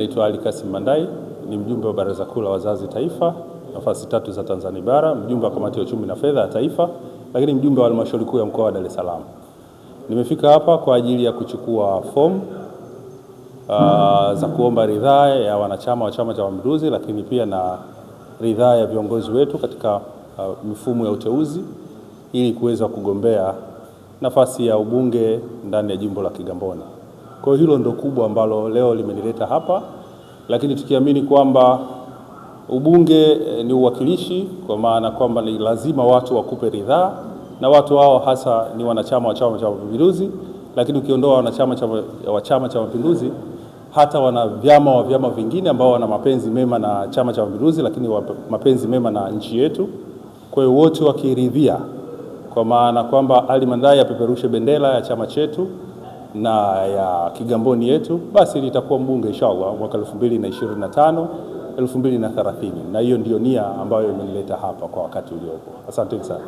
Naitwa Ali Kasim Mandai, ni mjumbe wa Baraza Kuu la Wazazi Taifa, nafasi tatu za Tanzania Bara, mjumbe wa Kamati ya Uchumi na Fedha ya Taifa, lakini mjumbe wa Halmashauri Kuu ya Mkoa wa Dar es Salaam. Nimefika hapa kwa ajili ya kuchukua fomu uh, za kuomba ridhaa ya wanachama wa Chama cha Mapinduzi, lakini pia na ridhaa ya viongozi wetu katika uh, mifumo ya uteuzi ili kuweza kugombea nafasi ya ubunge ndani ya jimbo la Kigamboni. Kwa hiyo hilo ndo kubwa ambalo leo limenileta hapa, lakini tukiamini kwamba ubunge eh, ni uwakilishi, kwa maana kwamba ni lazima watu wakupe ridhaa, na watu hao hasa ni wanachama wa Chama cha Mapinduzi, lakini ukiondoa wanachama wa Chama cha Mapinduzi, hata wana vyama wa vyama vingine ambao wana mapenzi mema na Chama cha Mapinduzi, lakini mapenzi mema na nchi yetu. Kwa hiyo wote wakiridhia kwa maana kwamba Ali Mandai apeperushe bendera ya chama chetu na ya Kigamboni yetu, basi litakuwa mbunge inshallah mwaka 2025 2030, na hiyo ndio nia ambayo imenileta hapa kwa wakati uliopo. Asanteni sana.